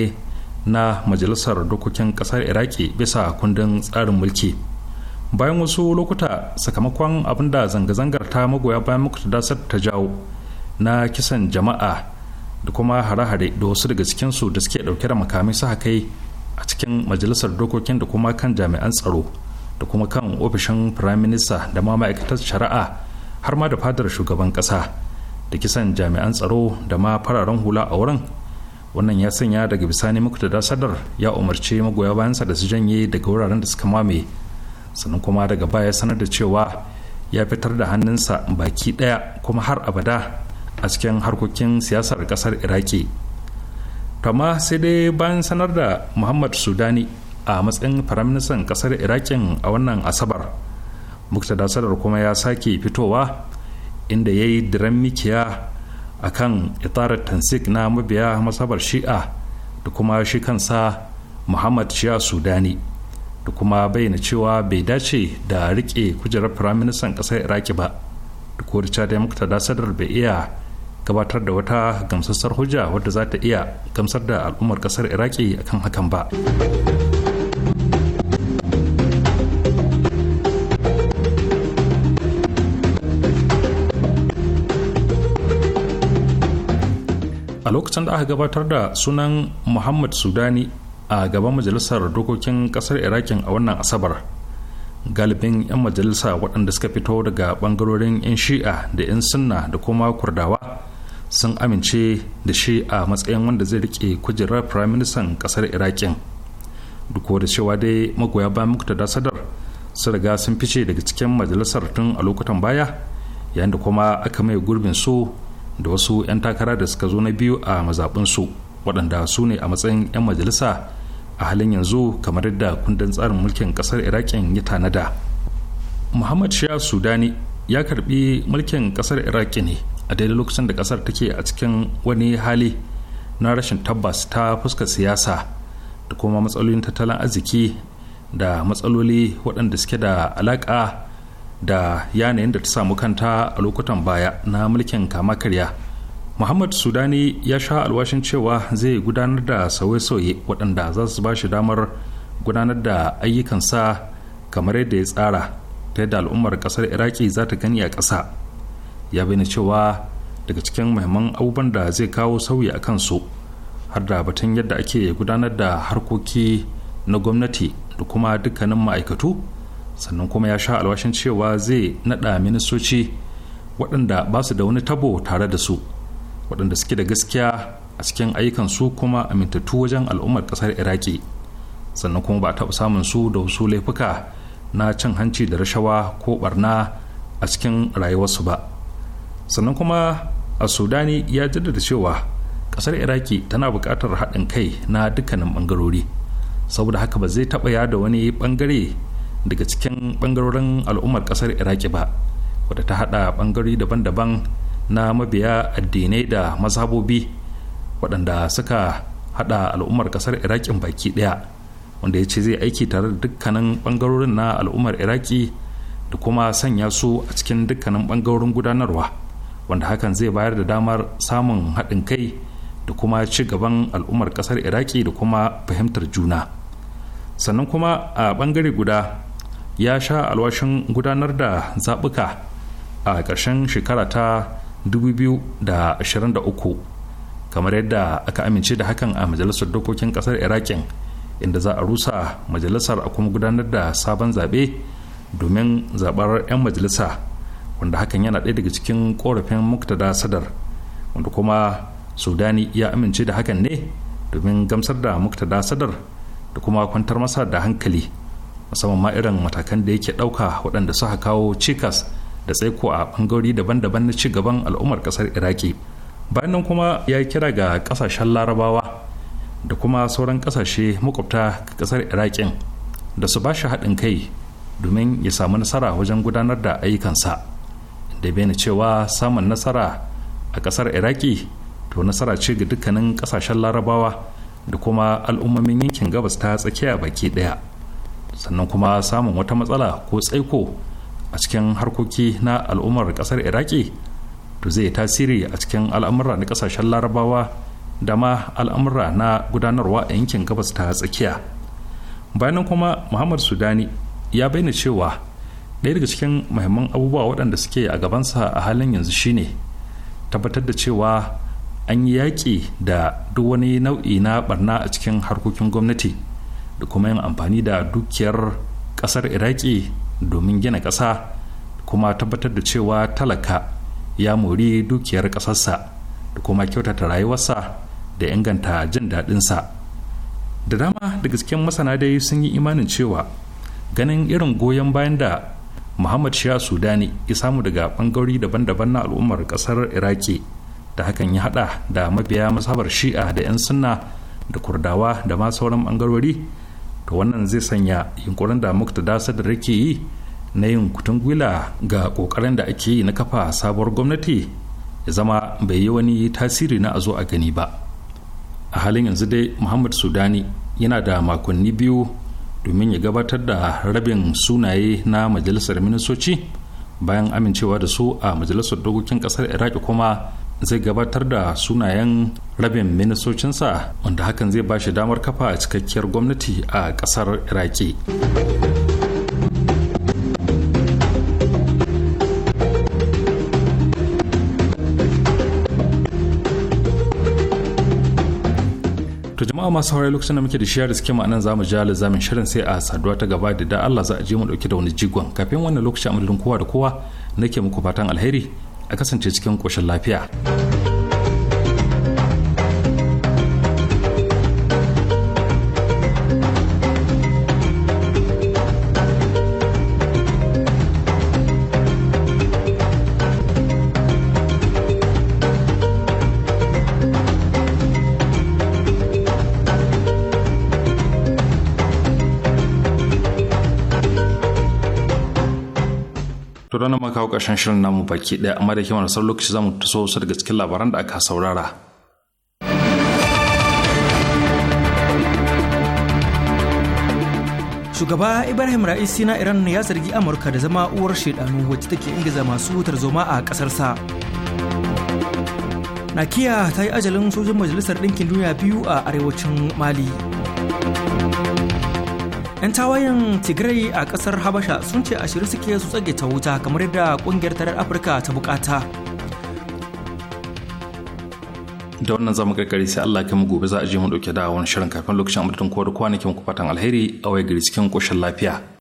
na majalisar dokokin kasar iraki bisa kundin tsarin mulki bayan wasu lokuta sakamakon abin da zanga-zangar ta magoya bayan muka ta jawo na kisan jama'a da kuma hare-hare da wasu daga cikinsu da suke dauke da makamai su kai a cikin majalisar dokokin da kuma kan jami'an tsaro da kuma kan ofishin firaminista da ma ma'aikatar shari'a har ma da fadar shugaban kasa da kisan jami'an tsaro da ma fararen hula a wurin wannan ya sanya daga bisani muku da sadar ya umarci magoya bayansa da su janye daga wuraren da suka mame sannan kuma daga baya sanar da cewa ya fitar da hannunsa baki daya kuma har abada a cikin harkokin siyasar kasar iraki amma sai dai bayan sanar da muhammad sudani a matsayin firaministan kasar irakin a wannan asabar muktada sadar kuma ya sake fitowa inda ya yi diran mikiya a kan itarar tansik na mabiya masabar shi'a da kuma shi kansa muhammad shi'a sudani da kuma bayyana cewa bai dace da rike kujerar firaministan ƙasar iraki ba da kuwa richard da sadar bai iya gabatar da wata gamsassar hujja wadda za ta iya gamsar da al'ummar ƙasar iraki akan hakan ba a lokacin da aka gabatar da sunan muhammad sudani a gaban majalisar dokokin kasar irakin a wannan asabar galibin 'yan majalisa waɗanda suka fito daga ɓangarorin 'yan shi'a da 'yan sunna da kuma kurdawa sun amince da shi a matsayin wanda zai rike kujerar firaministan kasar irakin duk da cewa dai magoya bayan muktada sadar sun riga sun fice daga cikin majalisar tun a lokutan baya yayin da kuma aka mai gurbin su da wasu 'yan takara da suka zo na biyu a mazaɓinsu waɗanda su ne a matsayin 'yan majalisa a halin yanzu kamar yadda kundin tsarin mulkin kasar irakin ya tanada muhammad shia sudani ya karbi mulkin kasar iraki ne a daidai lokacin da kasar take a cikin wani hali na rashin tabbas ta fuska siyasa da kuma matsalolin tattalin arziki da matsaloli waɗanda suke da alaƙa da yanayin da ta samu kanta a lokutan baya na mulkin kama karya muhammad sudani ya sha alwashin cewa zai gudanar da sauye-sauye waɗanda za su ba shi damar gudanar da ayyukansa kamar yadda ya tsara ta yadda al'ummar ƙasar iraki za ta gani a ƙasa ya bayyana cewa daga cikin muhimman abubuwan da zai kawo sauyi a kansu har da batun yadda ake gudanar da harkoki na gwamnati da kuma dukkanin ma'aikatu sannan kuma ya sha alwashin cewa zai naɗa ministoci waɗanda ba su da wani tabo tare da su waɗanda suke da gaskiya a cikin ayyukan su kuma amintattu wajen al'ummar ƙasar iraki sannan kuma ba taɓa samun su da wasu laifuka na cin hanci da rashawa ko barna a cikin rayuwarsu ba sannan kuma a sudani ya jaddada cewa ƙasar iraki tana buƙatar haɗin kai na dukkanin ɓangarori saboda haka ba zai taɓa yada wani ɓangare daga cikin ɓangarorin al'ummar ƙasar iraki ba wadda ta haɗa ɓangare daban-daban na mabiya addinai da mazhabobi waɗanda suka haɗa al'ummar ƙasar iraƙi baki ɗaya wanda ya ce zai aiki tare da dukkanin ɓangarorin na al'ummar iraki da kuma sanya su a cikin dukkanin ɓangarorin gudanarwa wanda hakan zai bayar da damar samun haɗin kai da kuma ci gaban al'ummar ƙasar iraki da kuma fahimtar juna sannan kuma a ɓangare guda ya sha alwashin gudanar da zaɓuka a ƙarshen shekara ta 2023 kamar yadda aka amince da hakan a majalisar dokokin kasar irakin inda za a rusa majalisar a kuma gudanar da sabon zaɓe domin zaɓar 'yan majalisa wanda hakan yana ɗaya daga cikin korafin muktada sadar wanda kuma sudani ya amince da hakan ne domin gamsar da muktada sadar da kuma kwantar masa da hankali musamman ma irin matakan da yake ɗauka waɗanda suka kawo cikas da tsaiko a bangarori daban-daban na cigaban al'ummar kasar iraki bayan nan kuma ya yi kira ga kasashen larabawa da kuma sauran kasashe makwabta kasar irakin da su ba shi haɗin kai domin ya samu nasara wajen gudanar da ayyukansa da bayyana cewa samun nasara a kasar iraki to nasara ce ga dukkanin kasashen larabawa da kuma al'ummomin yankin gabas ta tsakiya baki ɗaya sannan kuma samun wata matsala ko tsaiko a cikin harkoki na al'ummar kasar iraki to zai tasiri a cikin al'amura na kasashen larabawa da ma al'amura na gudanarwa a yankin gabas ta tsakiya bayanan kuma muhammad sudani ya bayyana cewa ɗaya daga cikin muhimman abubuwa waɗanda suke a gabansa a halin yanzu shine tabbatar da cewa an yi yaƙi da duk wani nau'i na barna a cikin harkokin gwamnati da kuma yin amfani da dukiyar ƙasar iraki domin gina ƙasa kuma tabbatar da cewa talaka ya mori dukiyar ƙasarsa da kuma kyautata rayuwarsa da inganta jin daɗinsa da dama daga cikin masana dai sun yi imanin cewa ganin irin goyon bayan da muhammad shia sudani ya samu daga ɓangarori daban-daban na al'ummar ƙasar iraki da hakan ya haɗa da mabiya masabar shi'a da 'yan sunna da kurdawa da ma sauran ɓangarori to wannan zai sanya yunkurin da dasa da rake yi na yin kutun gwila ga kokarin da ake yi na kafa sabuwar gwamnati ya zama bai yi wani tasiri na a zo a gani ba a halin yanzu dai muhammad sudani yana da makonni biyu domin ya gabatar da rabin sunaye na majalisar ministoci bayan amincewa da su a majalisar dokokin kasar iraki kuma zai gabatar da sunayen rabin ministocinsa wanda hakan zai ba shi damar kafa cikakkiyar gwamnati a kasar iraki to jama'a masu hawaye lokacin da muke da shiyar suke ma'anan zamu ja lizamin shirin sai a saduwa ta gaba da da Allah za a je mu dauki da wani jigon kafin wannan lokacin amadadin kowa da kowa nake muku fatan alheri a kasance cikin ƙoshin lafiya. To da maka kawo ƙarshen shirin namu baki ɗaya amma da kimar sauran lokaci zamu taso wasu daga cikin labaran da aka saurara. Shugaba Ibrahim Ra'isi na Iran ya zargi Amurka da zama uwar shaidanu wacce take ingiza masu tarzoma a ƙasarsa. Nakiya ta yi ajalin sojin Majalisar Ɗinkin Duniya biyu a arewacin Mali. 'yan tawayen tigray a kasar habasha sun ce ashirin suke su tsage ta wuta kamar yadda kungiyar tarar afirka ta bukata da wannan zamu gargari sai Allah kai mu gobe za a je mu dauke da wani shirin kafin lokacin amurtun kowa kwanakin kufatan alheri a waya gari cikin koshin lafiya